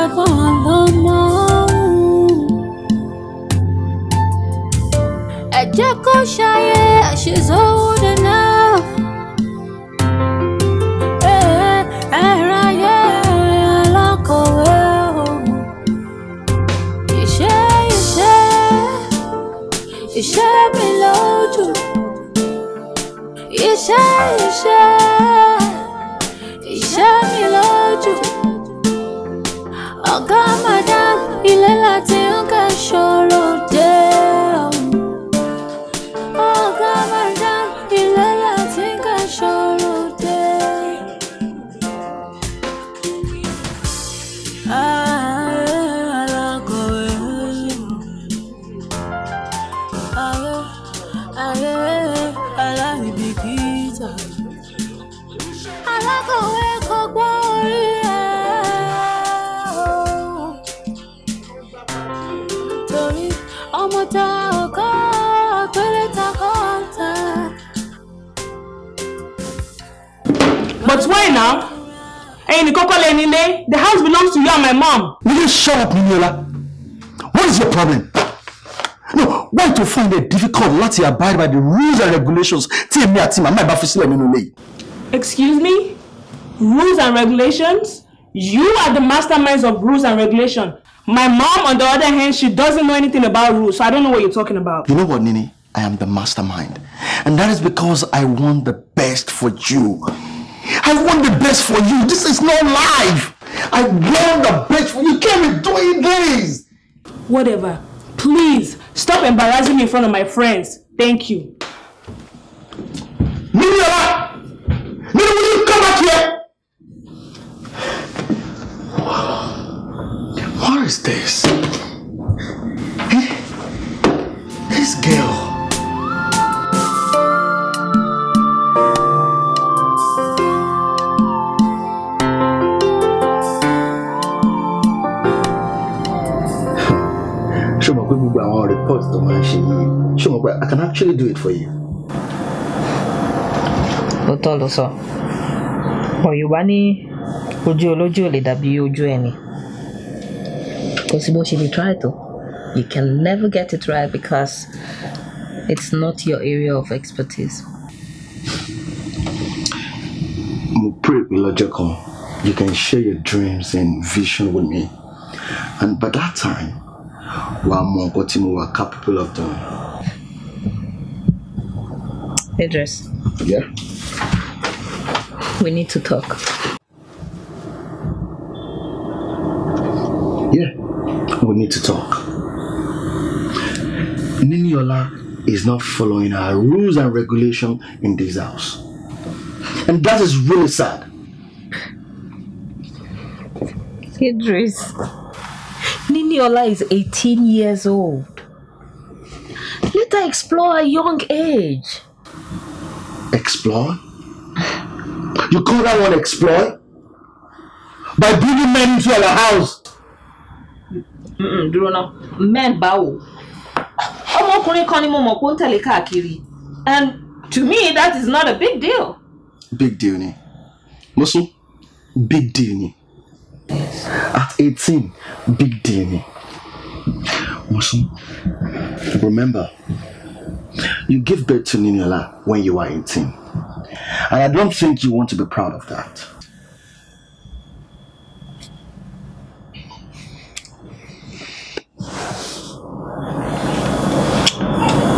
àgbọ̀n ló mọ́. ẹ jẹ́ kó ṣayé she's old enough. ẹ̀rọ ayé alákọ̀wé òun. iṣẹ́ iṣẹ́ iṣẹ́ mi lójú. iṣẹ́ iṣẹ́. ẹ̀yin nìkan lẹ́ni ilé the house belongs to you and my mom. will you shut up Niniola what is your problem no why to find it difficult láti abide by the rules and regulations tí èmi àti màmá ìbá fi sílẹ̀ nínú ilé yìí. excuse me rules and regulations you are the mastermind of rules and regulations my mom on the other hand she doesn't know anything about rules so i don't know what you're talking about. you know what Nini I am the mastermind and that is because I want the best for you. I want the best for you. This is not life. I want the best for you. You can't be doing this. Whatever. Please, stop embarrassing me in front of my friends. Thank you. Miriola! Miri, will you come back here? What is this? actually do it for you. lóòótọ́ ló sọ ọ̀ yorùbá ní ojú olójú ò lè dàbí ojú ẹni kò sí bó ṣe lè try tó you can never get it right because it's not your area of expertise. mo pray pé lọ́jọ́ kan you can share your dreams and vision with me and by that time wàá mọ nǹkan tí mo wà capable of doing. Idris. Yeah. We need to talk. Yeah, we need to talk. Niniola is not following our rules and regulation in this house. And that is really sad. Idris, Niniola is 18 years old. Let her explore her young age. Explore? You call that one exploit? By bringing men into our house. Mm-mm, dúró men báwo ọmọkùnrin kan ni mo mọ̀ pé ó ń tẹ̀lé and to me that is not a big deal. big deal ni musu big deal ni at 18, big deal ni musu remember You give birth to Niniola when you are 18. And I don't think you want to be proud of that.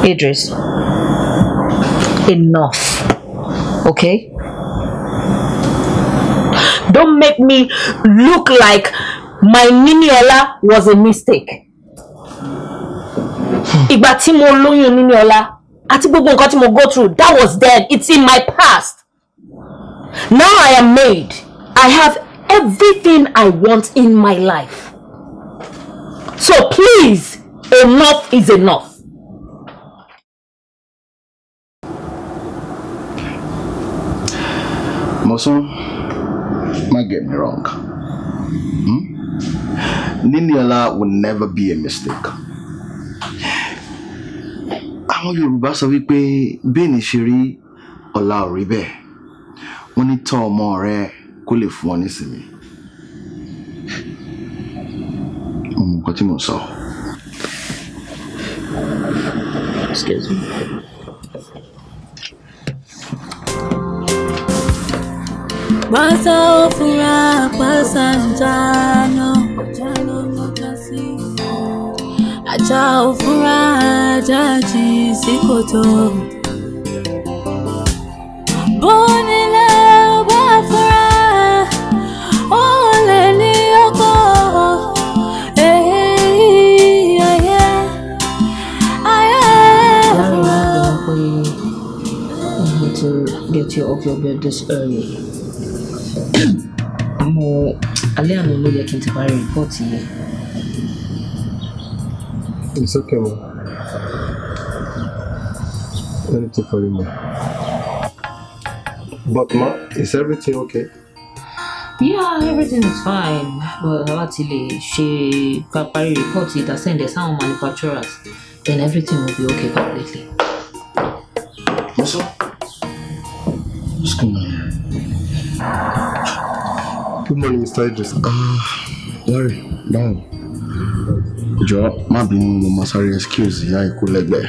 Idris, enough, okay? Don't make me look like my Niniola was a mistake. ìgbà tí mo lóyún nínú ọlá àti gbogbo nǹkan tí mo go through that was then it's in my past now I am made I have everything I want in my life so please enough is enough. Mosun, don't get me wrong. Hmm? Niniola will never be a mistake àwọn yorùbá sọ wípé bẹ́ẹ̀ni ṣe rí ọ̀la ò bẹ́ẹ̀ wọ́n ní tọ́ ọmọ rẹ kó lè fún ọ nísìnyí mo nǹkan tí mo sọ. Excuse me. Pasa ofura, pasa njano ṣá ò fúnra jájì sí kòtò. bó nílé bá fúnra ó lè ní ọkọ èyí ayé ayé fúnra. to get you off your bed this early. Mo alẹ́ àná ló yẹ kí n ti parí Insecure. Anything for you, ma. But ma, is everything okay? Yeah, everything is fine. But actually, she Papari reported and sent the sound manufacturers. Then everything will be okay completely. What's up? What's going on? Good morning, Mr. Idris. Uh, Larry, no. Jọ má bínú mo máa sáré excuse ìyá ikú lẹ́gbẹ̀ẹ́.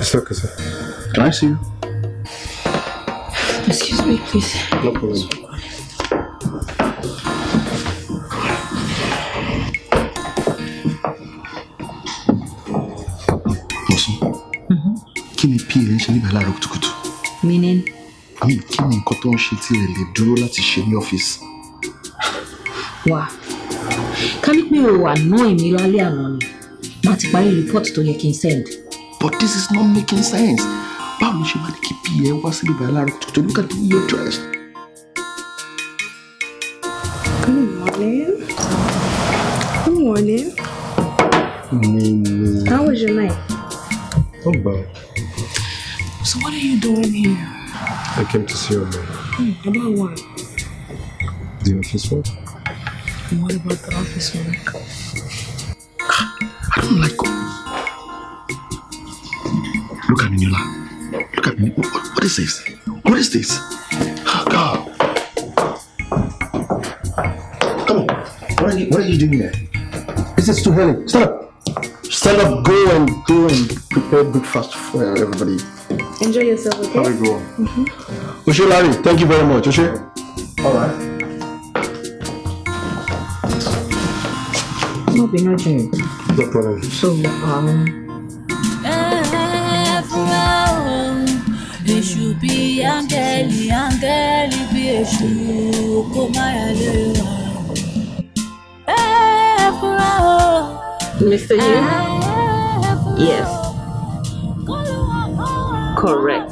It's okay, sir. Can I see you? Excuse me, please. No problem. Mọ̀sán, mm-hmm. kí ni PA ń ṣe níbẹ̀ láàárọ̀ kùtùkùtù? Meaning? I mean, kí ni nǹkan tó ń ṣe tí ẹ lè dúró láti ṣe ní ọ́fíìsì? Wà. Can it be o annoy mi lálẹ́ àná on? But ti parí report tó your consent. but this is not making sense báwo ṣe máa ní to keep here wá síbi ìbàlá rẹ to look at your dress? good morning good morning. how was your night. not bad. so what are you doing here. I came to see your mom. Mm, about what? The office work this one. I don't like Look at me, Nula. Look at me. What is this? What is this? Oh, God. Come on. What are you, what are you doing there? This is too early. Stand up. Stand up, go and go and prepare breakfast for everybody. Enjoy yourself, okay? Have a good one. Mm -hmm. Larry, thank you very much, Oshe. All right. Pinoche. Doctor. So, um, Mr. Yu? Yes. Correct.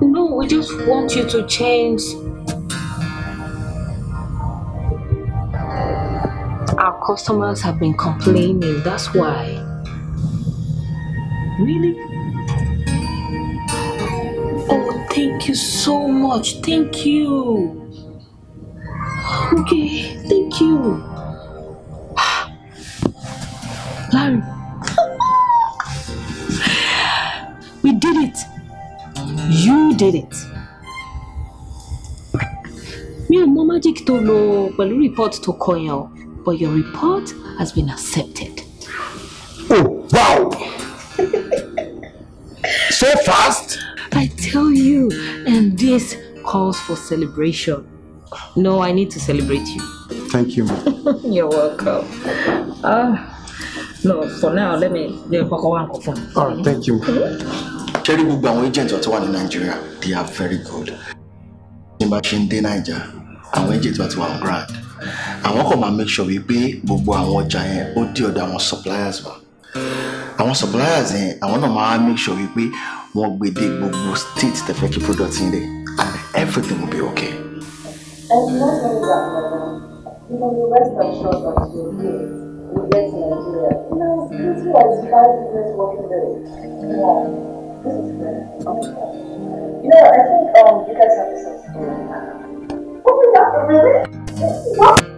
No, we just want you to change customers have been complaining. That's why. Really? Oh, thank you so much. Thank you. Okay, thank you. Larry. we did it. You did it. Me and mo magic lo report to ko but your report has been accepted. Oh, wow! so fast? I tell you, and this calls for celebration. No, I need to celebrate you. Thank you. You're welcome. Uh, no, for now, let me. All right, thank you. Cherry gbogbo àwọn agents ọ̀tún one in Nigeria, they are very good. Tí n bá ṣe ń dé Naija, àwọn agents ọ̀tún wà on àwọn kò máa make sure wípé gbogbo àwọn ọjà yẹn ó dé ọ̀dọ̀ àwọn suppliers wa àwọn suppliers yẹn àwọn náà máa make sure wípé wọ́n gbé dé gbogbo state tẹ̀fẹ́ kí product yín dé and everything will be okay. And not only that, you can be rest assured that you will be get to Nigeria. You know, this was five years working there. Wow, this is great. You know, I think um, you guys have this experience. Oh my God, really? What?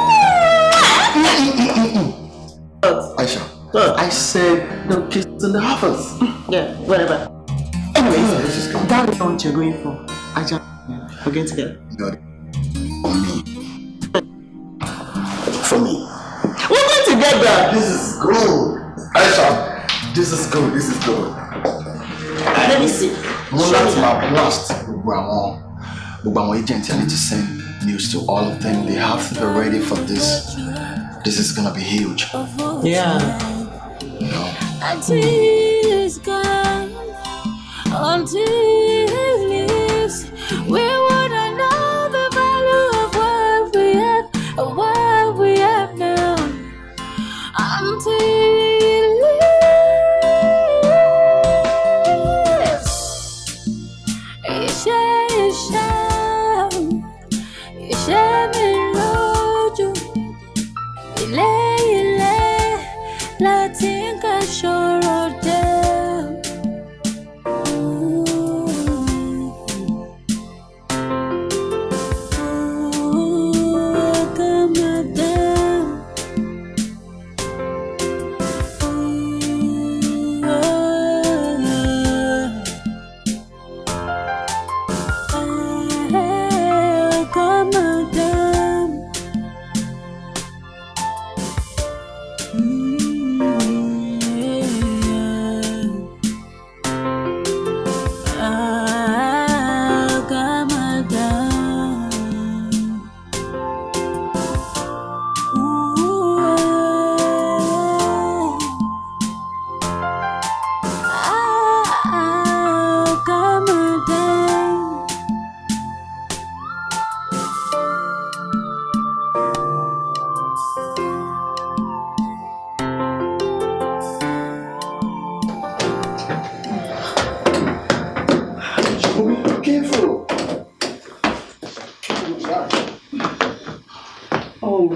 I said no kiss in the office. yeah, whatever. Anyway, yeah, that is what you're going for. I just, we're going together. No, for me. For me. We're going together. This is good. Aisha, this is good. This is good. Let me see. that's láti my blast gbogbo àwọn gbogbo àwọn agents I need to send news to all of them. They have to be ready for this. This is gonna be huge. Yeah until it's gone, until it leaves. We are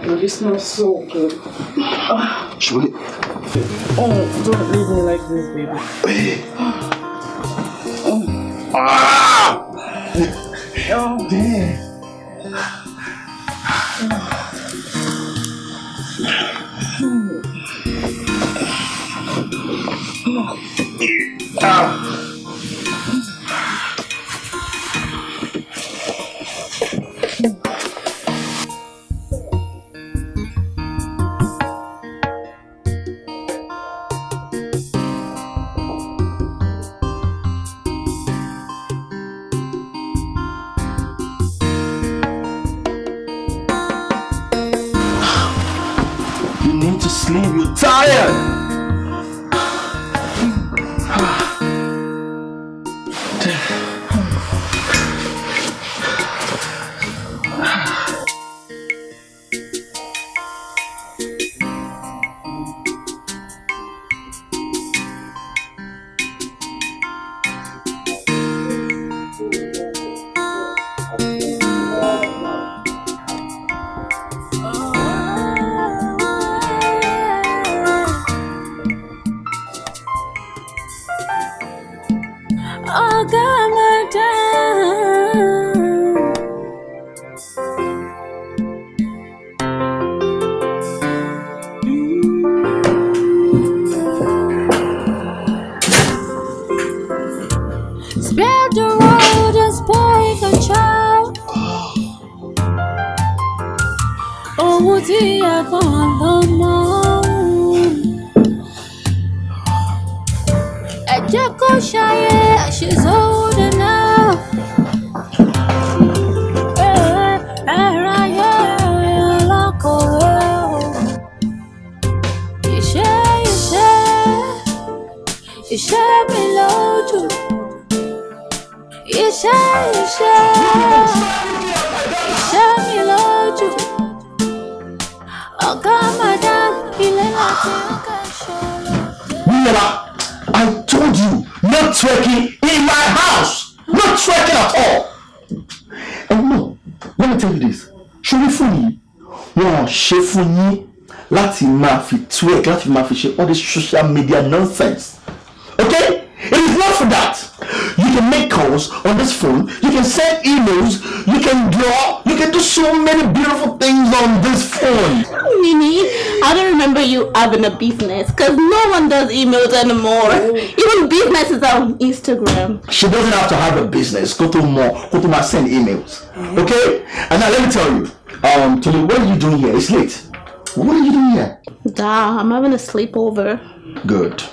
It smells so good. Should we? Oh, don't leave me like this, baby. Hey. Oh. Ah! Oh. Damn. Iṣẹ́ mi lójú. Iṣẹ́ iṣẹ́. Iṣẹ́ mi lójú. Ọ̀gá madam ilé láti I told you not twerking in my house. Not twerking at all. Ẹ wúlò, let me tell you this. Ṣorí fún yìí, wọ́n ṣe fún yín láti máa fi twerk láti máa fi ṣe all this social media nonsense. Okay? It is not for that. You can make calls on this phone. You can send emails. You can draw. You can do so many beautiful things on this phone. Nini, I don't remember you having a business because no one does emails anymore. Oh. Even businesses are on Instagram. She doesn't have to have a business. Go to more. Go to my send emails. Oh. Okay? And now let me tell you. Um, Tolu, what are you doing here? It's late. What are you doing here? Da, I'm having a sleepover. Good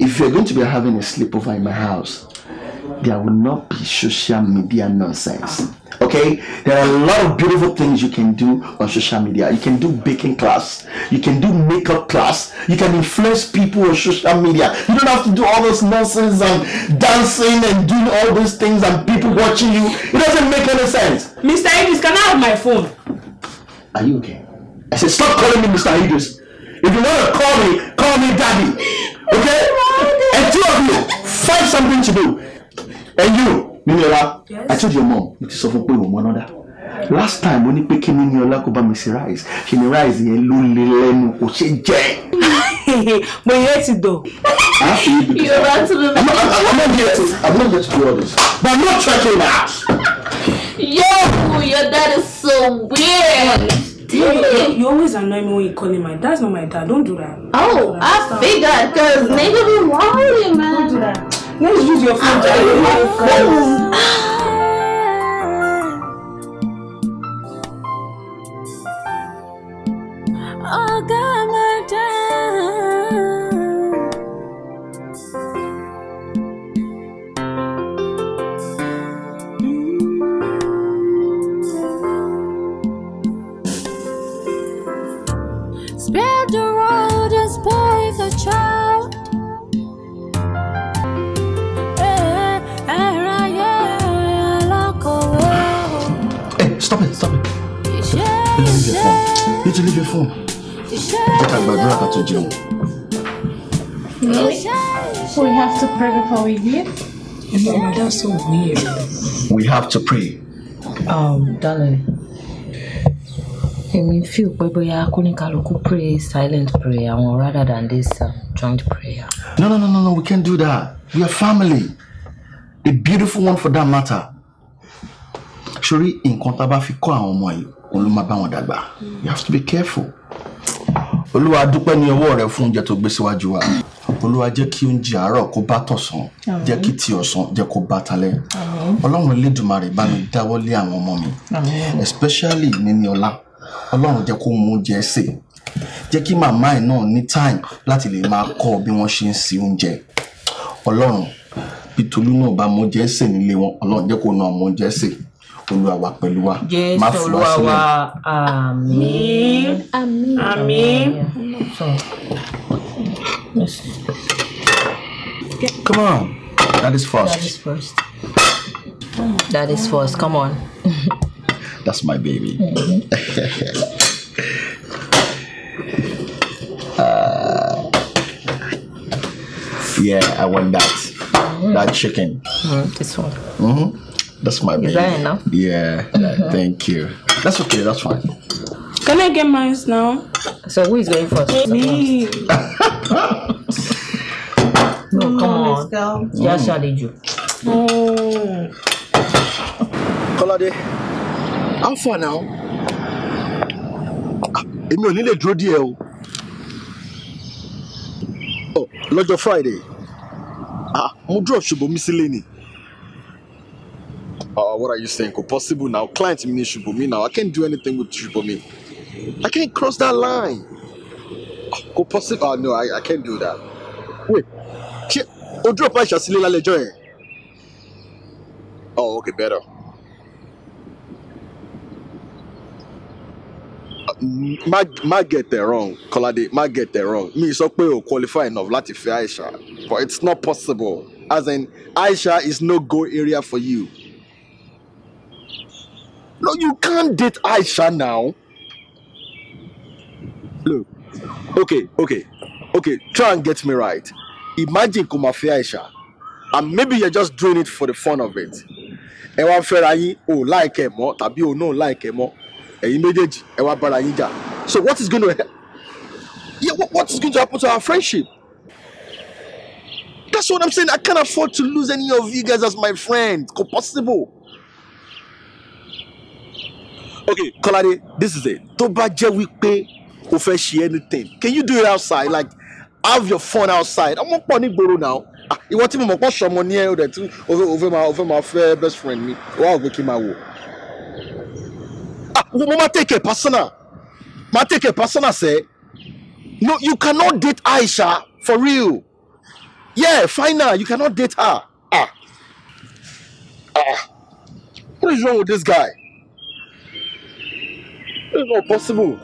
if you're going to be having a sleepover in my house, there will not be social media nonsense. Okay, there are a lot of beautiful things you can do on social media. You can do baking class, you can do makeup class, you can influence people on social media. You don't have to do all those nonsense and dancing and doing all those things and people watching you. It doesn't make any sense. Mr. Idris, can I have my phone? Are you okay? I said, stop calling me Mr. Idris. If you want to call me, call me daddy. Okay? and two of you, find something to do. And you, Miniola, yes? I told your mom, it is of one another. Last time when you pé kí Miniola kó bá mi ṣe rice. Ṣe ni rice yẹn ló le lẹ́nu kò ṣe You Mo yẹ ti You're right to the I'm, I'm, I'm not here to, I'm not here to do all this. But I'm not trashing my house. Yo, your dad is so weird. Dang. You always annoy me when you call him my dad. That's not my dad. Don't do that. Oh, I figured because maybe nigga be warning, man. Don't do that. Let's use your phone. Oh, my phone. Oh God. How we here? Mama, that's so weird. We have to pray. Um, darling. I Èmi fi pé bóyá kóníkàlùkù pray silent prayer rather than this uh, joint prayer. No, no, no, no, no, we can't do that. We are family. A beautiful one for that matter. Sori in tá a bá fi kọ́ àwọn ọmọ yìí, òun You have to be careful. Olúwa dúpẹ́ ní ọwọ́ rẹ fún oúnjẹ tó gbé olúwa jẹ́ kí oúnjẹ àárọ̀ kó bá tọ̀sán jẹ́ kí ti ọ̀sán jẹ́ kó bá talẹ́ ọlọ́run elédùnmarè bá mi dáwọ́lé àwọn ọmọ mi especially níní ọlá ọlọ́run jẹ́ kó mú oúnjẹ sè jẹ́ kí màmá ẹ̀ náà ní time láti lè máa kọ́ bí wọ́n ṣe ń se oúnjẹ ọlọ́run bí tolú náà bá mú oúnjẹ sè nílé wọn ọlọ́run jẹ́ kó náà mú oúnjẹ sè olúwa wa pẹ̀lú wa má fi sílẹ̀. Okay. Come on. That is first. That is first. That is first. Come on. That's my baby. Mm-hmm. uh, yeah, I want that. Mm-hmm. That chicken. Mm, this one. Mm-hmm. That's my baby. Is that enough? Yeah. Mm-hmm. Thank you. That's okay. That's fine. Can I get mine now? So who is going first? Me. no, come on. Let's go. Ìyá ṣe àlejò. Kọ́ládé, how far now? I'm ò ní lè dúró Oh, o. Lọ́jọ́ Friday, Ah, drop Ṣùbọ́mi sílé ni. Uh, what are you saying? Kò possible now. Client mi ni Ṣùbọ́mi now. I can't do anything with Ṣùbọ́mi. I can't cross that line kò possible ah no I, I can't do that wait ṣe ojú òpá ìṣàsílẹ lálẹjọ yẹn oh okay better Ma, ma get the wrong Kọ́ládé ma get the wrong mi sọ pé o qualify enough láti fẹ́ Aisha but it's not possible as in Aisha is no go area for you no you can't date Aisha now look okay okay okay try and get me right imagine komafe aisha and maybe you're just doing it for the fun of it ẹ wá fẹ́ra yín o láìkẹ́ mọ́ tàbí o náà láìkẹ́ mọ́ ẹ̀yin méjèèjì ẹ bara bára jà so what is going to yeah, what, what is going to happen to our friendship that's what i'm saying i can't afford to lose any of you guys as my friend ko possible okay Kọ́ládé this is it tó bá jẹ́ wípé o fẹ́ anything can you do it outside like have your phone outside I'm pọ̀ ní gbòòrò náà ah, ìwọ tí mo mọ̀ pọ̀ sọmọ ní ẹ o dẹ̀ tí o fẹ́ best friend Me. o wá ògbé kí n ah mo máa take a personal máa take a personal say, no you cannot date Aisha for real yeah fine. final you cannot date her ah ah what is wrong with this guy it's not possible.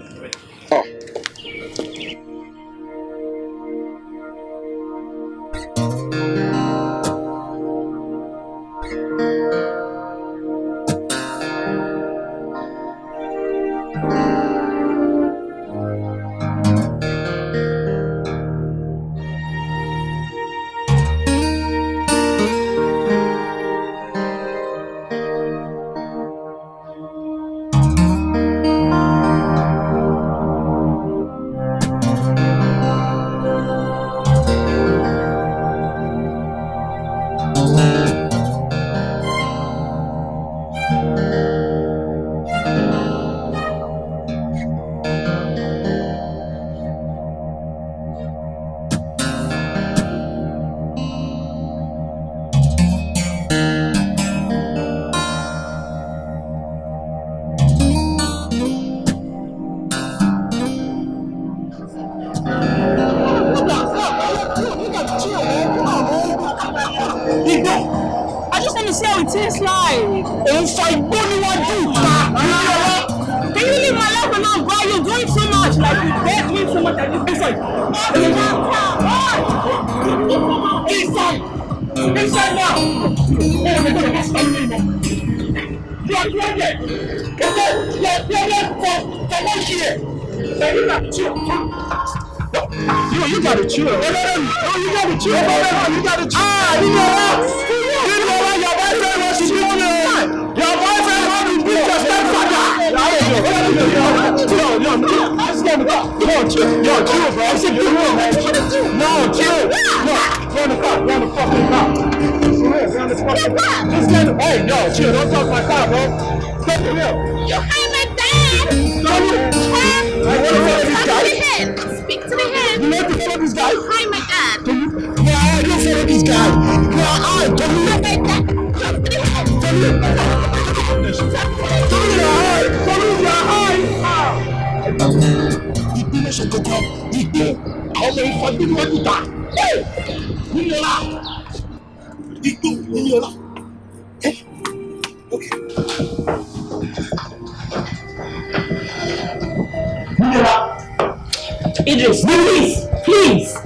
Please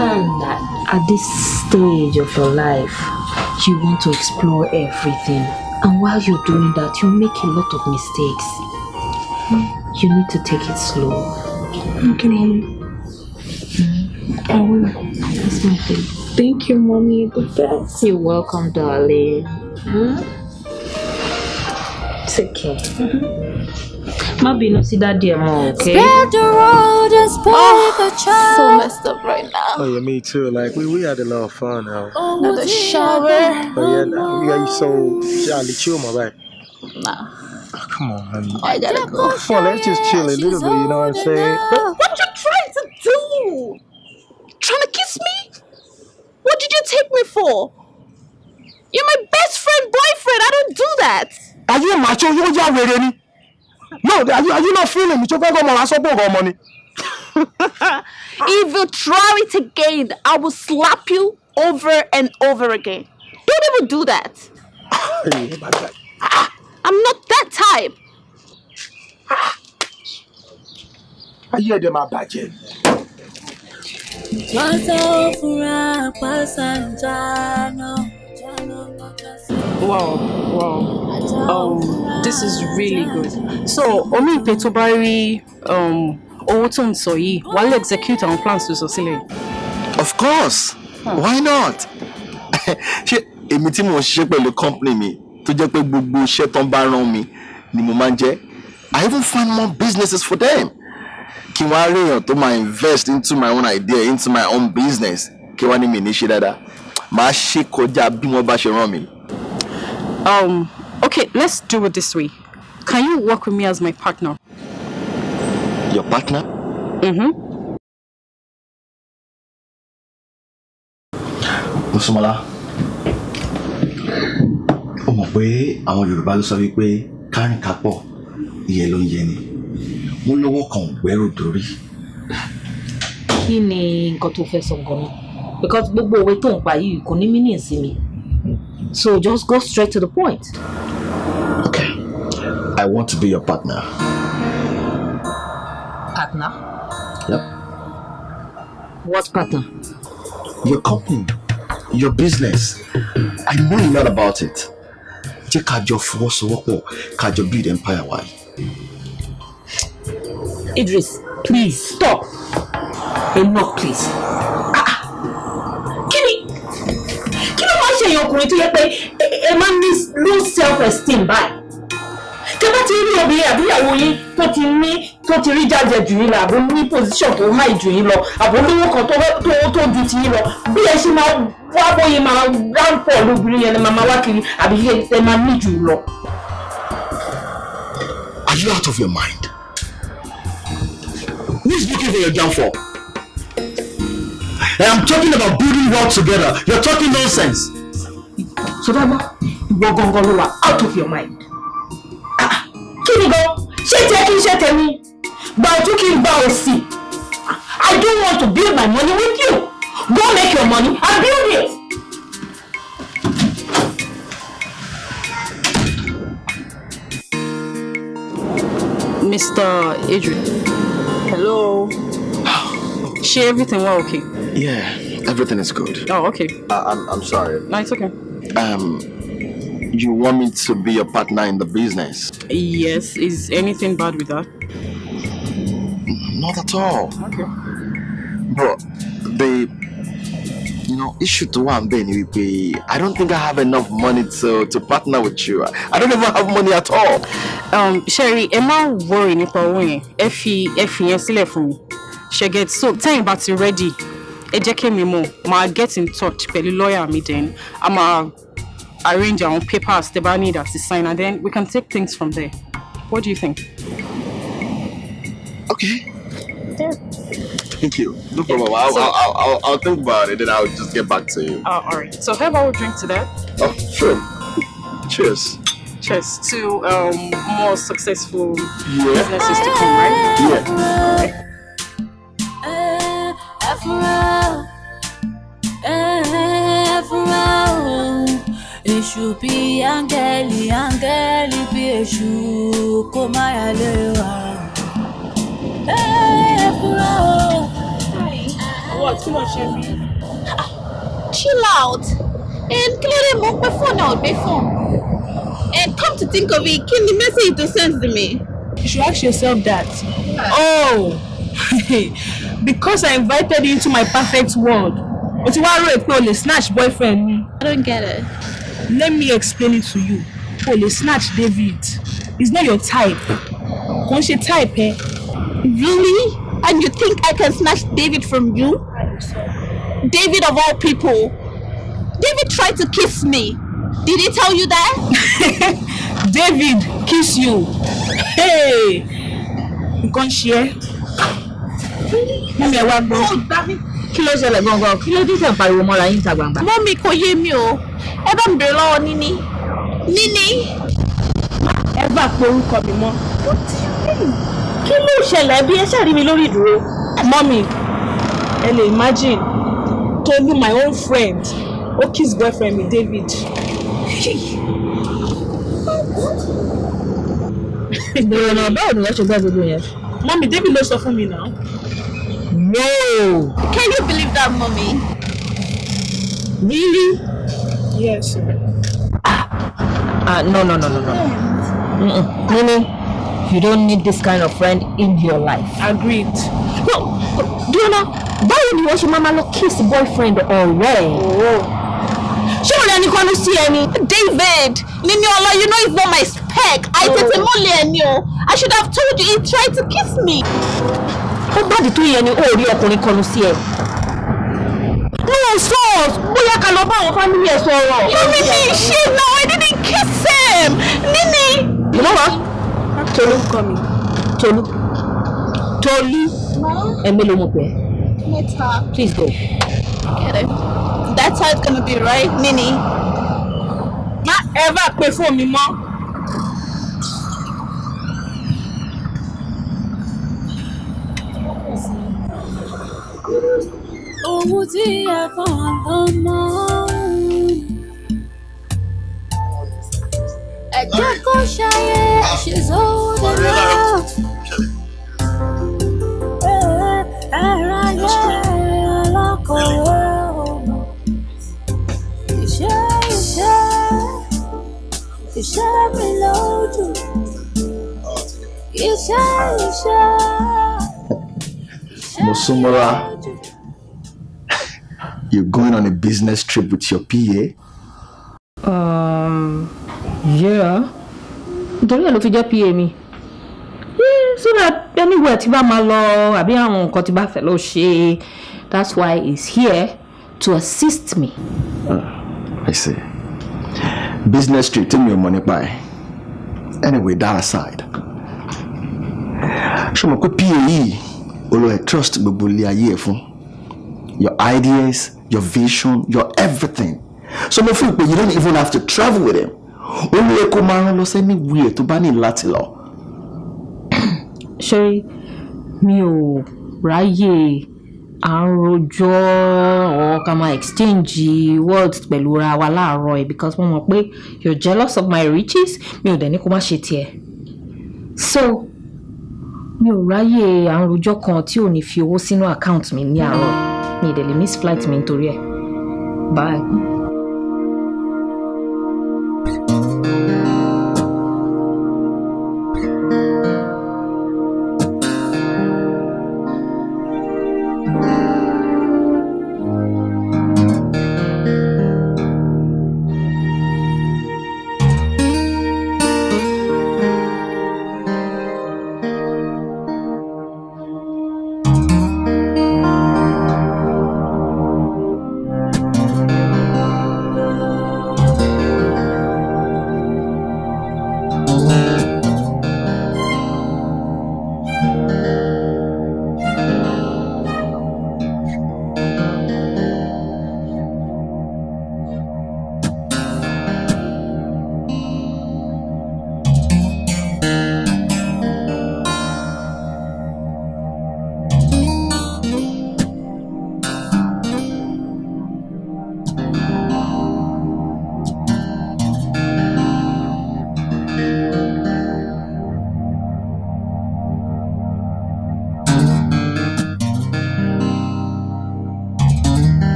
understand that at this stage of your life, you want to explore everything. And while you're doing that, you make a lot of mistakes. You need to take it slow. Okay, mommy. Mm. I will. That's my thing. Thank you, mommy. The best. You're welcome, darling. Hmm? Take care. okay. -hmm. Maybe not see that dear more, okay? Spread the road and spoil oh, ah, the child. So messed up, Oh yeah, me too. Like we we had a lot of fun now. Um. Oh, the shower. But yeah, nah, you so jolly chill, my boy. Nah. Oh, come on, honey. I gotta go. come on, let's just chill a little bit. You know what I'm saying? what you trying to do? Trying to kiss me? What did you take me for? You're my best friend boyfriend. I don't do that. Are you a macho? You're already. No, are you, are you not feeling me? You're going to go on. I money. if you try it again, I will slap you over and over again. Don't even do that. I'm not that type. I hear them are badging. Wow, wow. Um, this is really good. So, Omi Petobari, um, owó tó ń sọ yìí wàá lè execute àwọn plans tó sọ sílẹ̀ of course huh. Hmm. why not ṣé èmi tí mo ń ṣiṣẹ́ pẹ̀lú company mi tó jẹ́ pé gbogbo iṣẹ́ tó ń bá rán mi ni mo máa ń jẹ́ I even find more businesses for them kí wọ́n á rí èèyàn tó máa invest into my own idea into my own business kí wọ́n á ní mi ní ṣe dáadáa màá ṣe kọjá bí wọ́n bá ṣe rán mi. Um, okay, let's do it this way. Can you work with me as my partner? your partner. Mm-hmm. Mùsùlùmọ́lá, ó mọ̀ pé àwọn Yorùbá ló sọ wípé kárìn kápọ̀ ìyẹn ló ń yẹ ni. Mo lọ́wọ́ kan ò gbẹ́rù dórí. Kí ni nǹkan tó fẹ́ sọ gan-an? Because gbogbo òwe tó ń pa yìí kò ní mí ní ìsinmi. So just go straight to the point. Okay, I want to be your partner partner. Yep. What partner? Your company, your business. I know a lot about it. Jẹ́ ká jọ fọwọ́sowọ́pọ̀ ká jọ build empire Why? Idris, please stop. Enough, please. Ah, ah. Kí ni kí ló máa ń ṣe èèyàn ọkùnrin tó yẹ pé ẹ máa low self-esteem Bye tẹ́ bá ti rí obìnrin àbíyàwó yín tó ti ní tó ti rí jáde jù yín lọ àbó ní pòsíṣàn tó háì jù yín lọ àbó lówó kan tó ju ti yín lọ bí ẹ ṣe máa wá bóyá máa ráńpọ̀ lóbìnrin yẹn ni màmá wá kiri àbí ẹ máa ní jù lọ. Are you out of your mind? Who is looking for your downfall? I am talking about building wealth together. You are talking nonsense. Sodaba, you are gone, gone, out of your mind. Kini go. gan ṣé tiẹ̀ kí n me. But you ojú kí I don't want to build my money with you go make your money and build it. Mr. Adrian. Hello. She everything well okay? Yeah, everything is good. Oh, okay. Uh, I'm I'm sorry. No, it's okay. Um, You want me to be your partner in the business? Yes. Is anything bad with that? Not at all. Okay. But the you know, issue to one day will be I don't think I have enough money to, to partner with you. I don't even have money at all. Um, Sherry, am má worry nípa owó yẹn. if fi ẹ fi yẹn She get so tẹ́yìn about ti ready. Ẹ me kí mi get in touch pẹ̀lú lawyer mi then. I'm a arrange our own papers as Deba need us to sign and then we can take things from there. What do you think? Okay. Yeah. Thank you. No problem. Yeah. I'll, so, I'll, I'll, I'll, think about it and I'll just get back to you. Uh, all right. So how about we drink to that? Oh, sure. Cheers. Cheers to um, more successful yeah. businesses to come, right? Yeah. Okay. Afro, Afro. èṣù bí áńgẹ́lì áńgẹ́lì bí èṣù kó má yà lé wa. ẹ kúrò o. Ah, chill out and clearly, ló dé mo pé fóònù ọ̀gbẹ́ and come to think of it kí ni message to send to me. you should ask yourself that. Ah. oh because I invited you into my perfect world o ti wá rò pé o lè snatch boyfriend mi. I don't get it let me explain it to you o snatch David he's not your type What's your type eh? really and you think I can snatch David from you David of all people David tried to kiss me did he tell you that. David kiss you hey nǹkan ṣe ẹ́ mọ́mí ẹ wá gbọ́ kí ló ṣẹlẹ̀ gangan kí ló dé tẹ̀ ń pariwo mọ́ra yín ta gbangba. mọ́mí kò mi o ẹ bá mi bèrè lọ́wọ́ níní níní. ẹ bá pe orúkọ mi mọ́. kí ló ṣẹlẹ̀ bí ẹ ṣàrí mi lórí ìdúró. mọ́mì ẹ lè imagine Tolu my own friend Oki's boyfriend mi David. ìgbèrò náà báwo ni wọ́n ṣe gbọ́ gbogbo yẹn. mọ́mì David ló sọ fún mi náà. no. can you believe that mommy. really. Yes. Ah, uh, no, no, no, no, no. Mm -mm. Meaning, you don't need this kind of friend in your life. Agreed. No, Diona, báwo ni wọ́n ṣe máa ma kiss boyfriend already. ẹ̀? Oh. Ṣé òun ẹni kan ló sí David, Nini Ola, you know it's not my spec. I said mọ́lẹ̀ and you. I should have told you he tried to kiss me. Ó gbàdí tó yẹ ni ó you ọkùnrin kan to see? ẹ house bóyá ká lọ bá àwọn family ẹ̀ sọ̀rọ̀. Mami mi ṣe na I didn't kiss him. Nini. You know what? Tolu Tolu Tolu. Ẹ̀mí ló mọ̀ pé. Please go. Get it. That's how it's gonna be, right, Nini? Má ever pè fún mi mọ́. Thank you ohun tí a kàn lọ́mọ. ẹ jẹ́ kó ṣayé she's older now. ara yẹ alákọ̀wé iṣẹ́ iṣẹ́ iṣẹ́ mi lójú iṣẹ́ iṣẹ́. Mosúnmọ́ra you're going on a business trip with your PA? Um, yeah. Nítorí ẹ̀ ló fi jẹ́ PA mi. Yeah, so that anywhere tí bá máa lọ àbí àwọn nǹkan tí bá fẹ́ lọ ṣe, that's why he's here to assist me. Uh, I see. Business trip tí mi ò mọ̀ nípa ẹ̀. Anyway, that aside. Ṣé mo kó PA yìí? Olùwẹ̀ trust gbogbo ilé ayé ẹ̀ fún. Your ideas your vision, your everything. So mo feel pé you don't even have to travel with him. Ó ní ẹ kó máa rán lọ sẹ́ni wíyẹ̀ tó bá ní láti lọ. Ṣé or kama exchange words pẹ̀lú ra wa láàárọ̀ ẹ̀ because mo mọ̀ you're jealous of my riches mi ò dẹ̀ ní kó So mi ò ráyè àròjọ kan tí ò fi owó sínú account mi ní àárọ̀. mi ì dẹ̀ lè miss flight mi nítorí bye.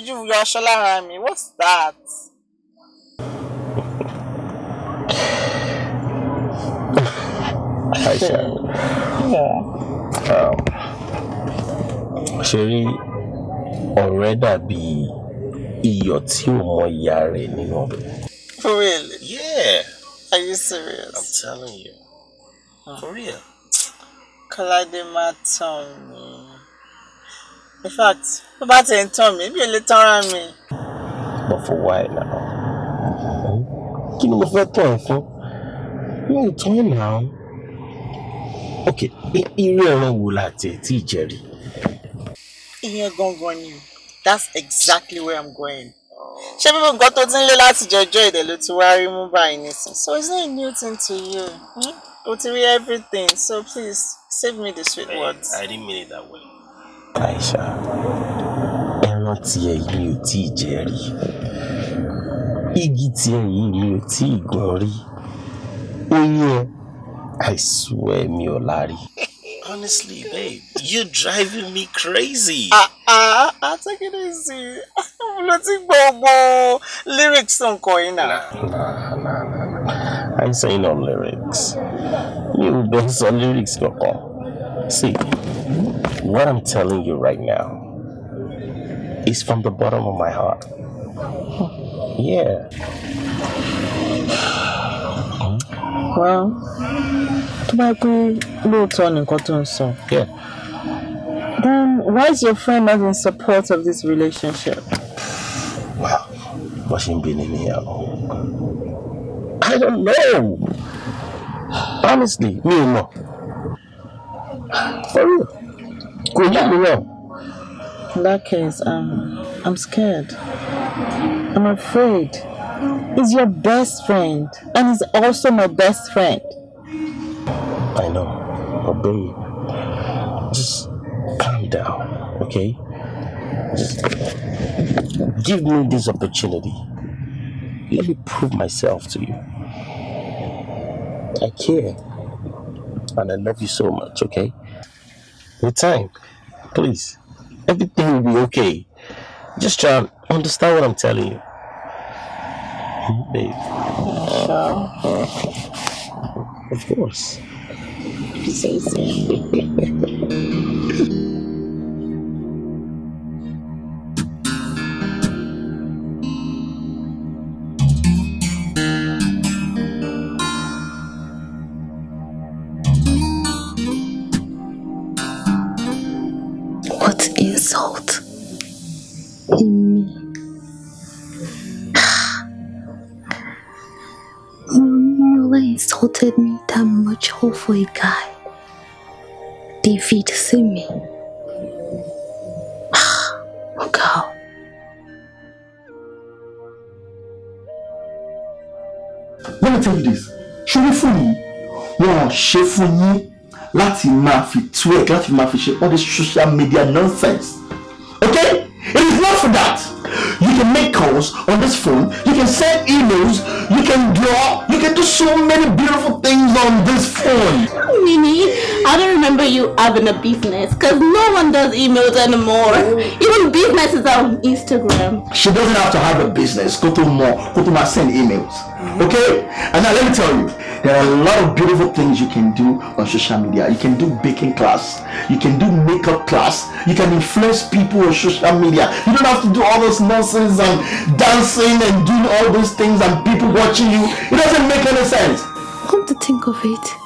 fojú yọ aṣọ lára mi what's that. Aisha um, ṣe rí ọ̀rẹ́ dàbí iyọ̀ tí ò mọ ìyá rẹ̀ nínú ọbẹ̀. real? Yeah. Are you serious? I'm telling you. For real. Kọ́ládé máa tàn mí. In fact, tó bá ti ń tàn mí bí èlé tánra mi. mo fún wa ẹ̀ náà kí ni mo fẹ́ tọ̀ ẹ́ fún mi ò tán náà ok irú ẹran wo la tẹ̀ tí ìjẹ́rì. ìyẹn gangan ni that's exactly where i'm going ṣé bí nǹkan tó ti ń lé láti jọjọ́ ìdẹ̀ ló ti wá rí mú báyìí nísìn so it's not a new thing to you hmm? o ti rí everything so please save me the sweet words. i didn't mean it that way. aisha. i i swear mi ò Honestly, babe, you're driving me crazy. Ah, ah, ah take it easy. Mo ti lyrics on yìí Nah, nah, nah, nah. I'm saying no lyrics. You've been sọ lyrics kankan. See, what I'm telling you right now is from the bottom of my heart. Yeah. Well, tó bá yẹ pé lóòótọ́ ni nǹkan tó sọ. Yeah. Then why is your friend not in support of this relationship? Well, was ṣe been in here? I I don't know. Honestly, mi ò mọ̀. For real. Kò yé mi náà in that case, um, I'm scared. I'm afraid. He's your best friend, and he's also my best friend. I know, but babe, just calm down, okay? Just give me this opportunity. Let me prove myself to you. I care, and I love you so much, okay? With time, please everything will be okay. Just try uh, and understand what I'm telling you. Babe. Sure. Of course. Say so. result in me. you really insulted me that much, hopefully, guy defeat me. Go. Let me tell you this. Ṣorí fún yìí, wọn ò ṣe fún yín láti máa fi twerk láti máa fi ṣe all this social media nonsense. Okay? It is not for that. You can make calls on this phone. You can send emails. You can draw. You can do so many beautiful things on this phone. Mimi, I don't remember you having a business because no one does emails anymore. Even businesses are on Instagram. She doesn't have to have a business. Go to more. Go to my send emails. Mm. Okay? And now let me tell you. There are a lot of beautiful things you can do on social media. You can do baking class. You can do makeup class. You can influence people on social media. You don't have to do all this nonsense and dancing and doing all those things and people watching you. It doesn't make any sense. Come to think of it,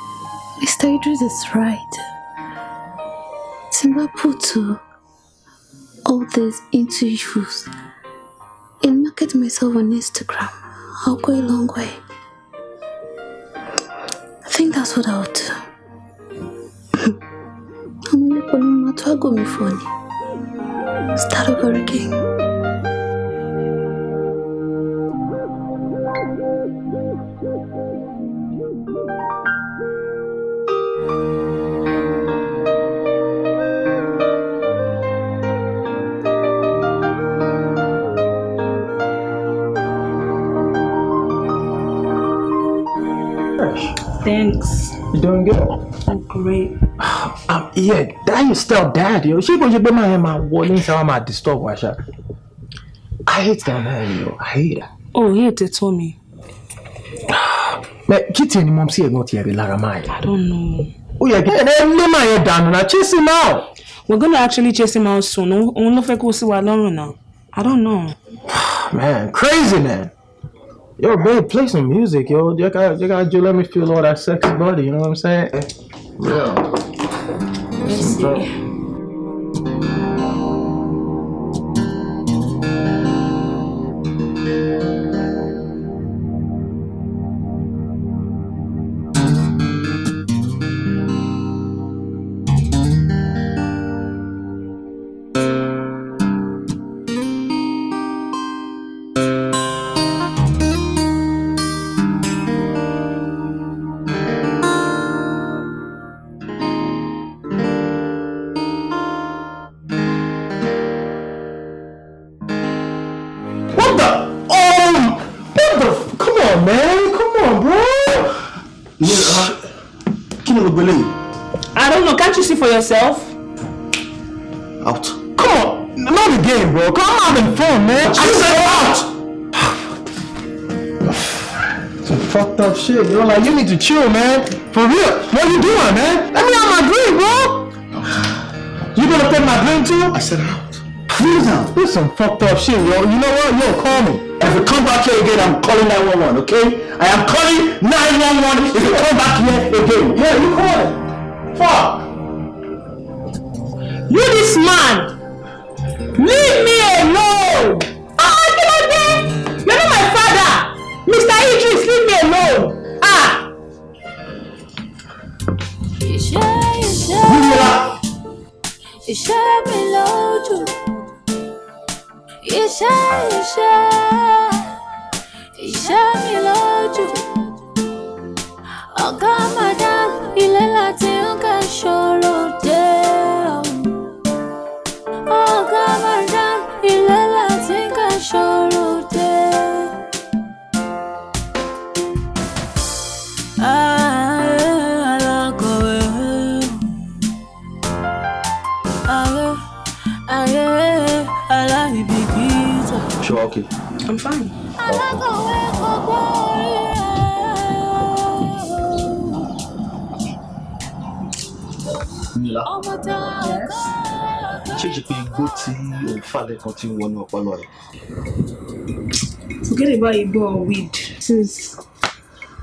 Mr. Idris is right. Simba put uh, all this into use and market myself on Instagram. I'll go a long way think that's what I'll do. I'm only pulling my twago me phone. Start over again. Fresh. Thanks. You doing good? I'm great. Um, yeah, that is still dad, yo. She goes, you my hand, my warning, so I'm at disturb Washa. I hate that man, yo. I hate her. Oh, hate it, Tommy. But Kitty and mom see not here, Lara Maya. I don't know. Oh, yeah, get any man down, chase him out. We're gonna actually chase him out soon. Only if I go see what I don't know. I don't know. Man, crazy man. Yo, babe, play some music, yo. You gotta, you gotta Let Me Feel All That Sexy Body, you know what I'm saying? Yeah. Let's see. to chill, man. For real. What you doing, man? Let me out my dream, bro. Okay. You gonna put my dream too? I said out. Please out. This some fucked up shit, yo. You know what? Yo, call me. If you come back here again, I'm calling 911, okay? I am calling 911 if you come back here again. Yeah, you call it. Fuck. You this man. Leave me alone. Oh, ah, you You're not my father. Mr. Idris, leave me alone. iṣẹ́ mi lójú iṣẹ́ iṣẹ́ iṣẹ́ mi lójú ọ̀gá madam ilé láti ń kẹ́ ṣòro dé. okay? I'm fine. Nila. Ṣé ṣe pé igbó tí òun fà lẹ́kan tí Forget about your or weed is